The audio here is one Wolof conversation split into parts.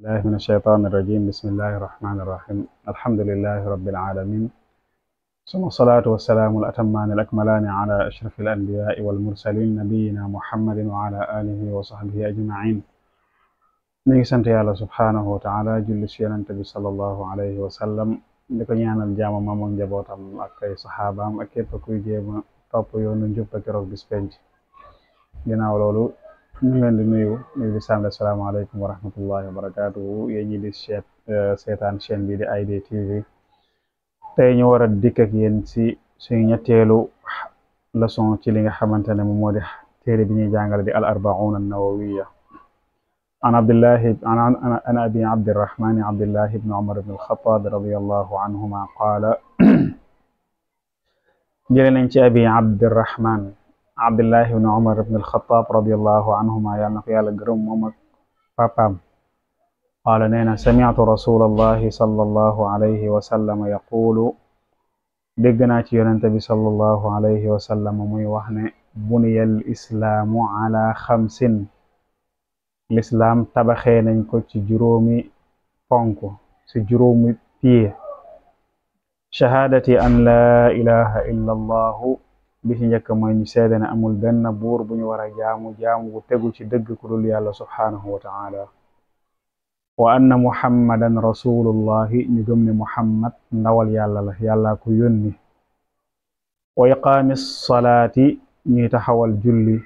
الله من الشيطان الرجيم بسم الله الرحمن الرحيم الحمد لله رب العالمين ثم الصلاة والسلام الأتمان الأكملان على أشرف الأنبياء والمرسلين نبينا محمد وعلى آله وصحبه أجمعين نيسان تيالا سبحانه وتعالى جل سيانان تبي صلى الله عليه وسلم نكون يانا الجامع ممون جبوتا أكي صحابا أكي بكوي جيبا طابو يونن جبا كروك بسبنج جناو لولو ñu ngi leen di a nuyu di sànni asalaamaaleykum wa rahmatullahi wa barakaatu di seet euh, seetaan chaîne ID TV tey ñu war a dikk ak yéen si suñu ñetteelu leçon ci li nga xamante ne moom moo di téere bi ñuy jàngale di al arbauna nawawiya an abdillahi an abi abdirrahmani abdillahi ibni umar ibn alxataab anhuma qaala jële nañ ci abi abdirrahman عبد الله بن عمر بن الخطاب رضي الله عنهما يعني في الجرم ممك فقام قال نينا سمعت رسول الله صلى الله عليه وسلم يقول دقنا تيرنت صلى الله عليه وسلم مي وحن بني الإسلام على خمس الإسلام تبخين انكو تجرومي فانكو تجرومي تيه شهادة أن لا إله إلا الله bisi ci njëkk mooy ñu seede amul benn buur bu wara war a jaamu jaamu bu tegul ci dëgg ku dul yàlla subhaanahu wa taala wa anna muhammadan rasulullahi ñu gëm ne muhammad ndawal yàlla la yàllaa ko yónni wa iqaami salati ñuy taxawal julli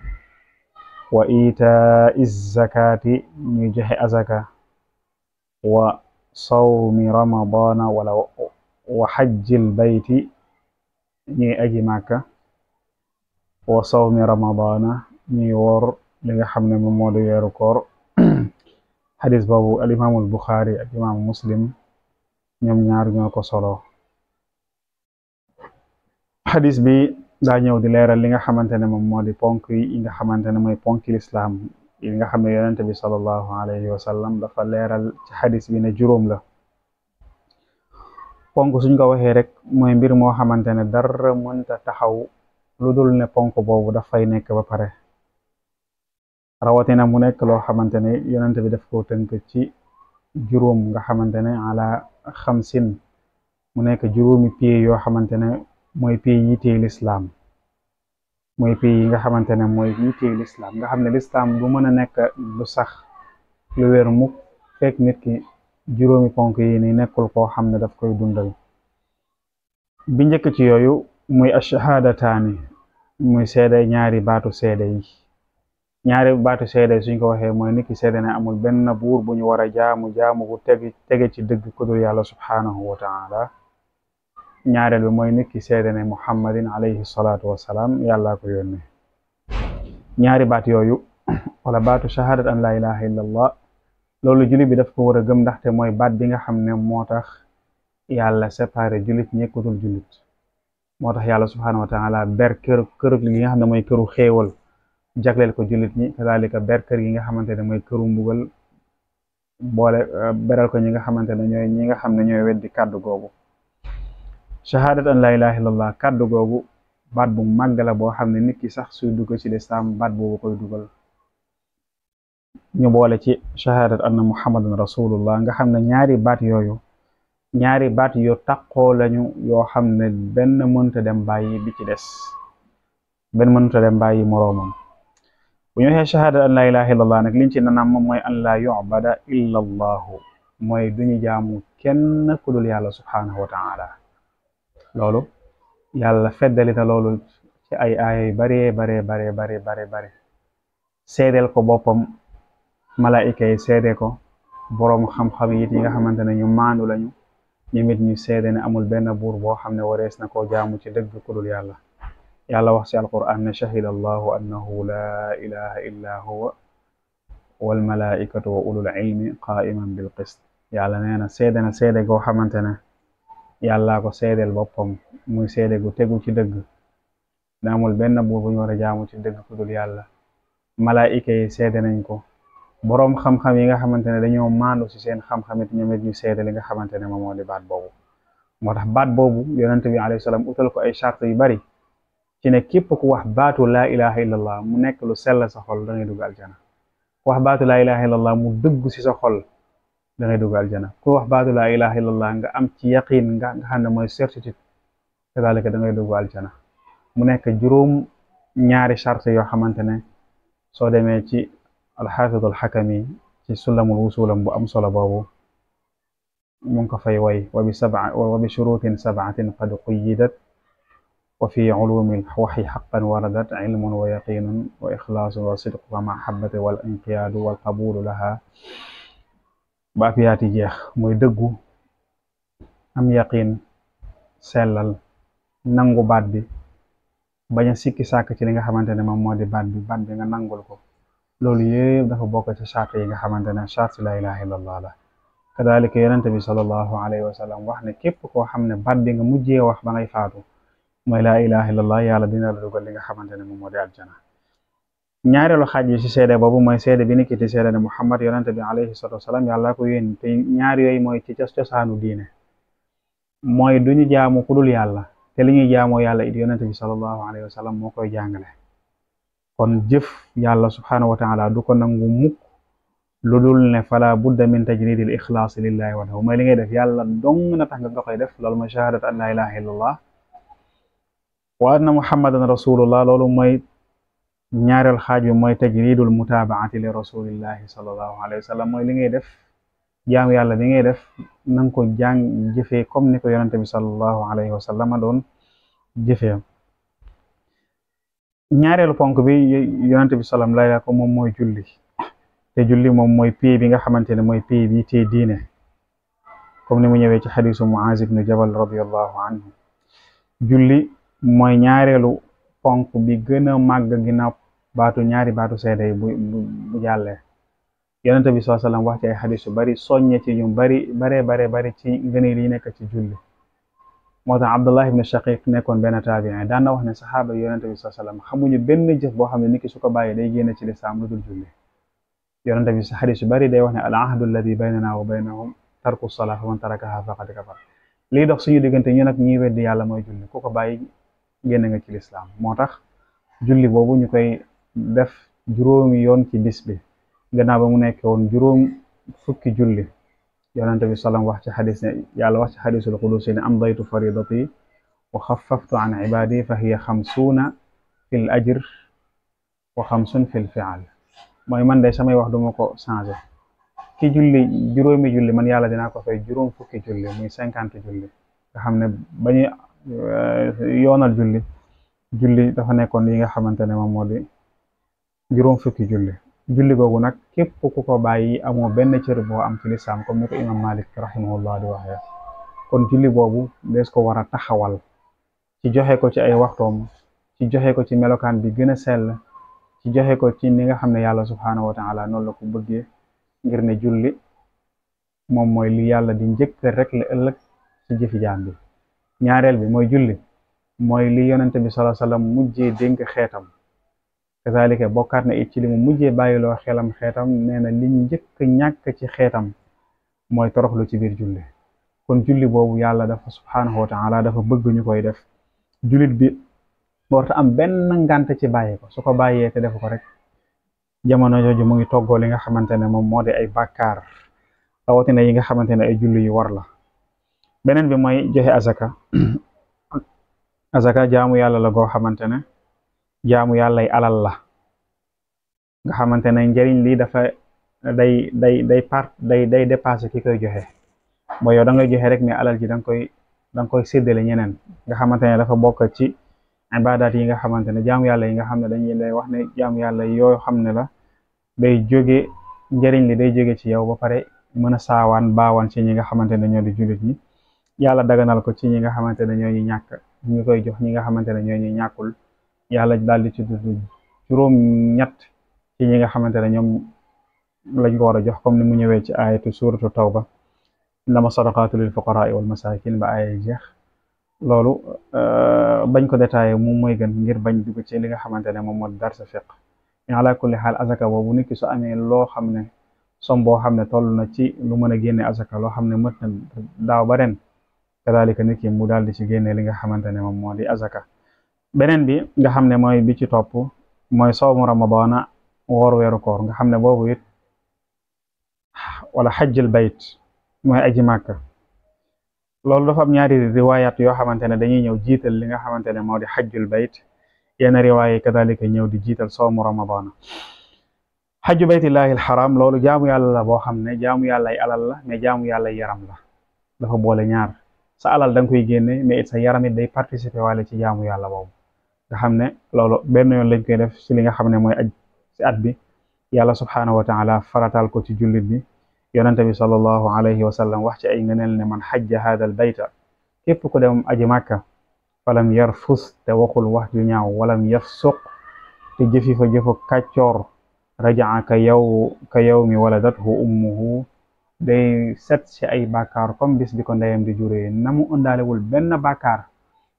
wa itaa zakaati ñuy joxe azaka wa sawmi ramadana wala wa xajjil bayti ñuy aji wa sawmi ramadana ni wor li nga xamne ne moom yeru ya kor hadith babu al imam al Bukhari buxaari ak muslim ñom ñaar ñoko solo hadith bi da ñew di leral li nga xamantene mom modi ponk yi nga xamantene moy ponk l'islam yi nga xamne yaronte bi sallallahu alayhi wa sallam dafa leral ci hadith bi ne jurom la ponk suñ ko waxe rek moy mbir mo xamantene dar dara ta taxaw lu dul ne ponk boobu daf fay nekk ba pare rawatina mu nekk loo xamante ne yonent bi daf ko tënk ci juróom nga xamante ne ala xamsin mu nekk juróomi piye yoo xamante ne mooy piye yi lislaam mooy piye yi nga xamante ne mooy yi téye lislaam nga xam ne lislaam du mën a nekk lu sax lu wér mukk ponk yi ni nekkul koo xam ne daf koy dundal bi ci yooyu muy ashahadataani muy seede ñaari baatu seede yi ñaari baatu seede suñ ko waxee mooy nit ki seede ne amul benn buur bu ñu war a jaamu jaamu bu teg ci dëgg ku dul yàlla subhaanahu wa taala ñaareel bi mooy nit ki seede ne muhammadin alayhi salaatu wasalaam yàllaa ko yónnee ñaari baat yooyu wala baatu shahadat an la ilaha illa allah loolu jullit bi def ko war a gëm ndaxte mooy baat bi nga xam ne moo tax yàlla séparé jullit ñi julit moo tax yàlla subhaanahu wa taala ber kër kër gi nga xam ne mooy këru xéewal jagleel ko jullit ñi kadalika ber kër gi nga xamante ne mooy këru mbugal boole beral ko ñi nga xamante ne ñooy ñi nga xam ne ñooy weddi kàddu googu shahadat an la ilaha illallah kàddu googu baat bu màgg la boo xam ne nit ki sax su dugg ci lislaam baat boobu koy dugal ñu boole ci shahadat anna muhammadan rasulullah nga xam ne ñaari baat yooyu ñaari baat yo taqoo lañu yoo xam ne benn mënta dem bàyyi bi ci des benn mënta dem bàyyi moroomam bu ñu waxee shahaada an laa ilaha illa allah liñ ci nanaam moom mooy an laa yubada illa allahu mooy duñu jaamu kenn ku dul yàlla subhaanahu wa taala loolu yàlla feddali na loolu ci ay aaya yu baree baree bare bare bare ko boppam malaayika yi seede ko boroom xam-xam yi it yi nga xamante ne ñu maandu lañu نيمت ني سيدنا امول بن بور بو خامني وريس نكو جامو سي دغ كودول يالا يالا واخ القران شهد الله انه لا اله الا هو والملائكه واولو العلم قائما بالقسط يالا نانا سيدنا سيدي غو خامتنا يالا كو سيدل بوبم موي سيدي غو تيغو سي دغ نامول بن بور بو نوري جامو سي دغ كودول يالا ملائكه سيدنا نكو boroom xam-xam yi nga xamante ne dañoo maandu ci seen xam-xam it ñoom it ñu seede li nga xamante ne moom moo di baat boobu moo tax baat boobu yonent bi alayhi salaam utal ko ay charte yu bari ci ne képp ku wax baatu laa ilaha illallah mu nekk lu sell sa xol da ngay dugg aljana ku wax baatu laa ilaha illallah mu dëgg ci sa xol da dugg aljana ku wax baatu laa ilaha illallah nga am ci yaqin nga nga xam ne mooy certitude kadaalika da ngay dugg aljana mu nekk juróom ñaari charte yoo xamante ne soo alxaafid alxakami ci sulamul wusulam bu am solo boobu mu ngi ko fay way wa bi saba wa bi shurutin sabatin qad quyidat wa fi ulumi waxi xaqan waradat ilmun wa yaqinun wa ixlaasun wa sidqu wa mahabati wal inqiyaadu wal qabulu laha ba afiyaati jeex mooy dëggu am yaqin selal nangu baat bi bañ a sikki sàkk ci li nga xamante ne moom moo bi baat bi nga nangul ko لوليه ده بوكة شاكي حمد la لا إله إلا الله لا كذلك ينتبه صلى الله عليه وسلم وحنا كيف كو حمنا بعد nga mujjé wax ba ngay faatu moy la ilaha illallah yalla dina la dugal li nga xamantene mom modi aljana ñaarelu xaj yi ci sédé bobu moy sédé bi niki sédé ne muhammad yonante bi alayhi salatu wasalam yalla ko yeen te ñaar yoy moy ci cios ciosaanu diine moy duñu jaamu kudul yalla te li ñuy jaamu yalla it yonante bi sallallahu alayhi sallam mo koy jangale kon jëf yàlla subhanahu wa taala du ko nangu mukk lulul ne fala budda min tajridil ikhlas lillahi wa huwa li ngay def yàlla dong na tax nga koy def loolu ma shahadat an la ilaha illallah wa anna muhammadan rasulullah loolu mooy ñaaral xaaj bi mooy tajridul mutaba'ati li rasulillahi sallallahu alayhi wasallam moy li ngay def jam yàlla li ngay def nang ko jàng jëfé comme niko yaronte bi sallallahu alayhi wasallam don jëfé am ñaareelu ponk bi yonante bi salaam lay ko moom mooy julli te julli moom mooy pay bi nga xamante ne mooy pay bi te diine comme ni mu ñëwee ci xadisu Muaz ibnu Jabal radiallahu anhu julli mooy ñaareelu ponk bi gën a màgg ginnaaw baatu ñaari baatu seede yi bu bu jàllee yonante bi salaam wax ci ay xadis bari soññe ci ñu bari bare bare bari ci ngëneel yi nekk ci julli moo tax Abdullah ibn Shaqiq nekkoon benn taabiin daan na wax ne saxaaba yi yonente bi saa sallam xamuñu benn jëf boo xam ne nit ki su ko bàyyi day génn ci lislaam lu julli yonente bi xadis bari day wax ne al ahdu alladi baynana wa baynahum tarku salaa fa man tarakaha faqad kafar lii dox suñu diggante ñu nag ñiy weddi yàlla mooy julli ku ko bàyyi génn nga ci lislaam moo tax julli boobu ñu koy def juróomi yoon ci bis bi gannaaw ba mu nekk woon juróom fukki julli يالا نبي صلى الله عليه حديث يالا وحش حديث القدس ان امضيت فريضتي وخففت عن عبادي فهي خمسون في الاجر وخمسون في الفعل موي من داي سامي واخ دوماكو سانجي كي جولي جورومي جولي من يالا دينا كو فاي جوروم فوكي جولي موي 50 جولي دا خامني باني يونال جولي جولي دا فا نيكون ليغا خامتاني مام مودي جوروم فوكي جولي julli googu nag képp ku ko bàyyi amoo benn cër boo am ci lislaam comme ni ko imam malik rahimahullah di waxee kon julli boobu dees ko war a taxawal ci joxe ko ci ay waxtoom ci joxe ko ci melokaan bi gën a sell ci joxe ko ci ni nga xam ne yàlla subhaanahu wa taala noonu la ko bëggee ngir ne julli moom mooy li yàlla di njëkk rek la ëllëg ci jëfi jaam bi ñaareel bi mooy julli mooy li yonente bi salaa sallam mujjee xeetam kazalika bokkaat na it ci li mu mujjee bàyyiloo xelam xeetam nee na li njëkk ñàkk ci xeetam mooy toroxlu ci biir julli kon julli boobu yàlla dafa subhaanahu wa taala dafa bëgg koy def jullit bi warta am benn ngànt ci bàyyi ko su ko bàyyee te def ko rek jamono jooju mu ngi toggoo li nga xamante ne moom moo di ay bàkkaar rawatina yi nga xamante ne ay julli yu war la beneen bi mooy joxe azaka azaka jaamu yàlla la goo xamante ne jaamu yàllay alal la nga xamante ne njëriñ lii dafa day day day part day day dépassé ki koy joxe mooy yow da ngay joxe rek mais alal ji da nga koy da nga koy séddale ñeneen nga xamante ne dafa bokk ci ibadat yi nga xamante ne jaamu yàlla yi nga xam ne dañuy lay wax ne jaamu yàlla yoo xam ne la day jóge njëriñ li day jóge ci yow ba pare mën a saawaan baawaan ci ñi nga xamante ne ñoo di jullit ñi yàlla daganal ko ci ñi nga xamante ne ñoo ñu ñàkk ñu koy jox ñi nga xamante ne ñoo ñu ñàkkul yàlla daal di ci tudd juróom ñett ci ñi nga xamante ne ñoom lañ ko war a jox comme ni mu ñëwee ci ayatu suratu tawba innama sadaqatu lil fuqaraai wal masakin ba aaya jeex loolu euh, bañ ko détaillé moom mooy gën ngir bañ dugg ci li nga xamante ne moom moo dar sa fiq mais ala kulli xaal azaka boobu nit ki su amee loo xam ne som boo xam ne toll na ci lu mën a génne azaka loo xam ne mët na daaw ba ren kadalika nit ki mu daal di ci génne li nga xamante ne moom moo di azaka beneen bi nga xam ne mooy bi ci topp mooy soomu ramadana woor weeru koor nga xam ne boobu it wala xajjil bayt mooy aji màkka loolu dafa am ñaari yoo xamante ne dañuy ñëw jiital li nga xamante ne moo di xajjul bayt yenn riwaaya yi kadalika ñëw di jiital soomu ramadana xajju baytillahi alxaram loolu jaamu yàlla la boo xam ne jaamu yàllay alal la mais jaamu yàllay yaram la dafa boole ñaar sa alal da nga koy génne mais it sa yaram it day participer waale ci jaamu yàlla boobu nga xamne lolu ben yon lañ koy def ci li nga xamne moy aj ci at bi yalla subhanahu wa taala faratal ko ci julit bi yonante bi sallallahu alayhi wa sallam wax ci ay ngeenel ne man hajja hada al bayta kep ko dem aji makka falam yarfus te waxul wax ju ñaaw walam yafsuq te jëfi fa jëfu kacior rajaa ka yaw ka yow mi waladathu ummuhu day set ci ay bakar comme bis bi ko di jure namu mu wul ben bakar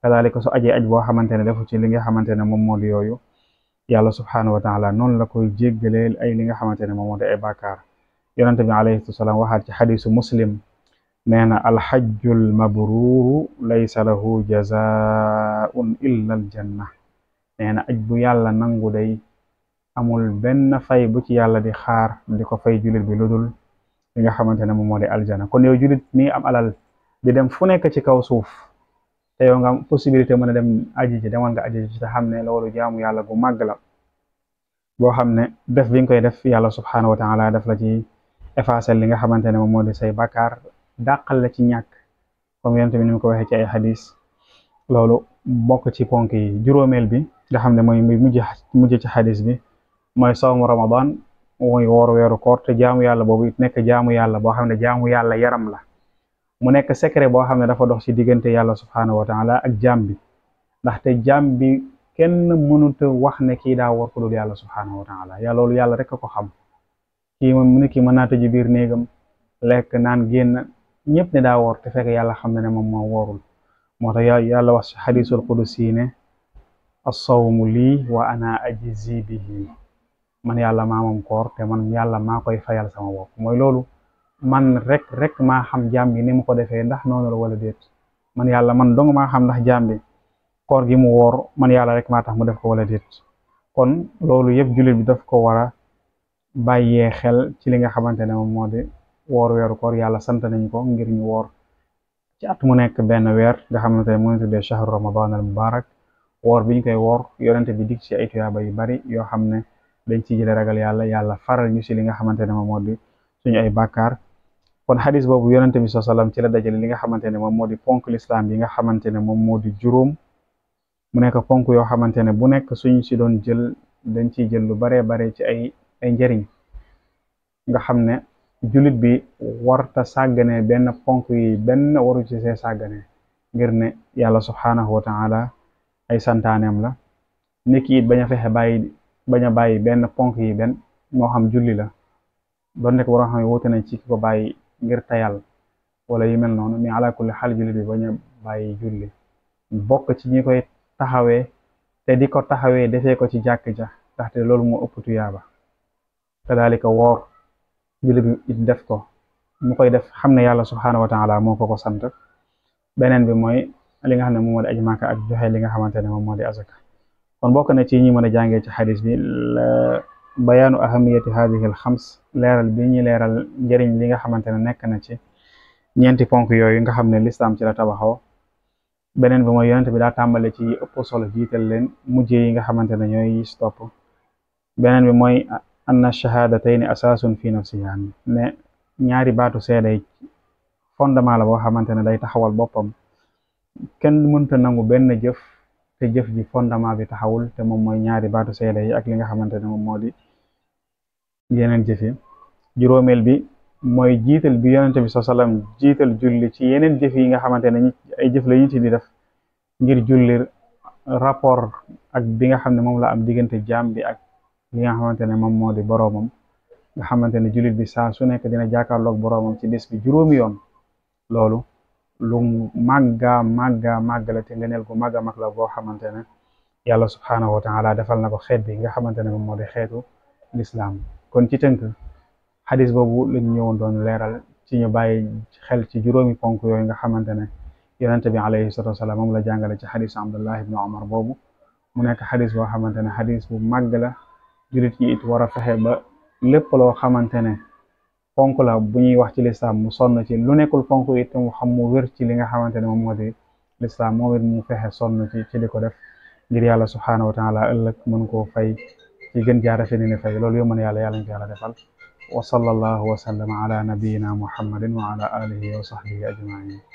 kadaalika su ajee aj boo xamante ne defu ci li nga xamante ne moom moo di yooyu yàlla subhaanahu wa taala noonu la koy jéggaleel ay li nga xamante ne moom moo di ay bàkkaar yonente bi alayhi salaam waxaat ci xadisu muslim nee na alxajjul mabruuru laysa lahu jazaun illa aljanna nee na aj bu yàlla nangu day amul benn fay bu ci yàlla di xaar di ko fay julit bi ludul li nga xamante ne moom moo di aljana kon yow julit mi am alal di dem fu nekk suuf te yow nga am possibilité mën a dem aji ji demal nga aji ji te xam ne loolu jaamu yàlla bu màgg la boo xam ne def bi koy def yàlla subhaanahu wa taala def la ci effacer li nga xamante ne moom moo di say bakkaar dàqal la ci ñàkk comme yonent bi ni mu ko waxee ci ay xadis loolu bokk ci ponk yi juróomeel bi nga xam ne mooy mujj mujj ci xadis bi mooy sawmu ramadan mooy woor weeru koor te jaamu yàlla boobu it nekk jaamu yàlla boo xam ne jaamu yàlla yaram la mu nekk secret boo xam ne dafa dox ci diggante yàlla subhaanahu wa taala ak jaam bi ndaxte jaam bi kenn mënuta wax ne kii daa war ko dul yàlla subhaanahu wa taala yàlla loolu yàlla rek ko xam kii moom mu ki kii mën naa tëju biir néegam lekk naan génn ñëpp ne daa woor te fekk yàlla xam na ne moom moo woorul moo tax yàlla wax ci xadiisul qudusi ne assawmu lii wa ana ajzi bihi man yàlla maa koor man yàlla maa koy fayal sama bopp mooy loolu man rek rek ma xam jambi ni mu ko defé ndax nonu la wala déet man yalla man dong ma xam ndax jambi koor gi mu wor man yalla rek mata tax mu def ko wala kon lolu yeb julit bi daf ko wara baye xel ci li nga xamantene mom modi wor di koor yalla sant nañ ko ngir ñu wor ci at mu nek ben wer nga xamantene mo ngi tuddee shahr ramadan al mubarak wor biñ koy wor yonente bi dig ci ay tiyaba yu bari yo xamne dañ ci jël ragal yalla yalla faral ñu ci li nga xamantene mom modi suñu ay kon hadith bobu yaronte bi sallallahu alayhi wasallam ci la dajale li nga xamantene mom modi ponk l'islam bi nga xamantene mom modi jurum mu nek ponk yo xamantene bu nek suñ ci doon jël dañ ci jël lu bare bare ci ay ay njariñ nga xamne ne bi warta sagane ben ponk yi ben waru ci see sagane ngir ne yalla subhanahu wa taala ay santanem la nit ki it bañ a bena bàyyi ben ponk yi ben mo xam julli la nek waro xam ci ko ngir tayal wala yu mel noonu mais ala kulli xaal julli bi bañ a bàyyi julli bokk ci ñi koy taxawee te di ko taxawee defee ko ci jàkk ja ndaxte loolu moo ëpp tuyaaba kadaalika woor julli bi it def ko mu koy def xam ne yàlla subhaanahu wa taala moo ko ko sant beneen bi mooy li nga xam ne moom moo di aj màkka ak joxe li nga xamante ne moom moo di kon bokk na ci ñi mën a ci xadis bi bayaanu ahamiyati hadihi al xams leeral bi ñuy leeral njëriñ li nga xamante ne nekk na ci ñeenti ponk yooyu nga xam ne lislaam ci la tabaxoo beneen bi mooy bi daa tàmbale ci ëpp solo jiital leen mujj yi nga xamante ne ñooy yi topp beneen bi mooy anna shahadatayni asaasun fi nafsihaan ne ñaari baatu seeday fondement la boo xamante ne day taxawal boppam kenn mënta nangu benn jëf te jëf ji fondement bi taxawul te moom mooy ñaari baatu seede yi ak li nga xamante ne moom moo di yeneen jëf yi juróomeel bi mooy jiital bi yonente bi saa sallam julli ci yeneen jëf yi nga xamante ne ay jëf la ñu ci di def ngir julli rapport ak bi nga xam ne moom la am diggante jaam bi ak li nga xamante ne moom moo di boroomam nga xamante ne jullit bi saa su nekk dina jàkkaarloog boroomam ci bis bi juróomi yoon loolu lu màgga màgga màgga la te ngeneel gu màgga mag la boo xamante ne yàlla subhaanahu wa taala defal na ko xeet bi nga xamante ne moom moo di xeetu lislaam kon ci tënk xadis boobu lañ ñëwoon doon leeral ci ñu bàyyi xel ci juróomi ponk yooyu nga xamante ne yonente bi alayhi salatu wasalaam moom la jàngale ci xadis abdullah ibni omar boobu mu nekk xadis boo xamante ne xadis bu màgg la jurit yi it war a fexe ba lépp loo xamante ne ponk la bu ñuy wax ci lislaam mu sonn ci lu nekkul ponk it mu xam mu wér ci li nga xamante ne moom moo di lislaam moom it mu fexe sonn ci ci di ko def ngir yàlla subhaanahu wa taala ëllëg mën koo fay يجن جارشني نفعله اليوم من يالي يالن جالا دفل وصلى الله وسلم على نبينا محمد وعلى آله وصحبه أجمعين